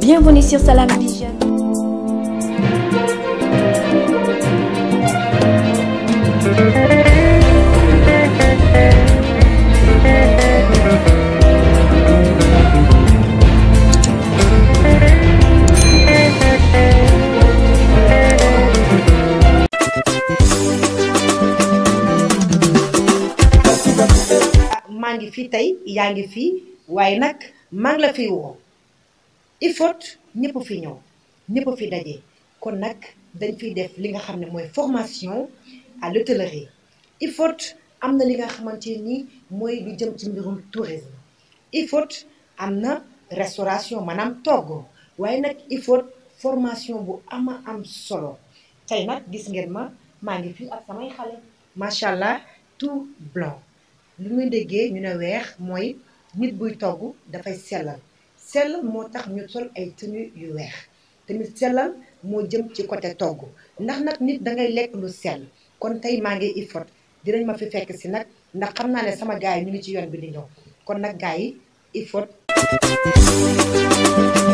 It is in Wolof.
Bienvenue sur Salam Vision. maa ngi yaa ngi fii waaye nag maa la fiy il faut ñëpp fi ñëw ñëpp fi daje kon nag dañ fi def li nga xam ne mooy formation à l'hôtellerie il faut am na li nga xamante nii mooy lu jëm ci mbirum tourisme il faut am na restauration maanaam togg waaye nag il faut formation bu ama am solo tey nag gis ngeen ma maa ngi fii ak samay xale macha allah tout blanc lu muy déggee ñu ne weex mooy nit buy togg dafay sellal sellal moo tax ñu sol ay tenue yu weex tamit sellal moo jëm ci côté togg ndax nag nit da ngay lekk lu sell kon tey maa ngi ifot dinañ ma fi fekk si nag ndax xam naa ne sama gars yi ñu ngi ci yoon bi di ñëw kon nag gars yi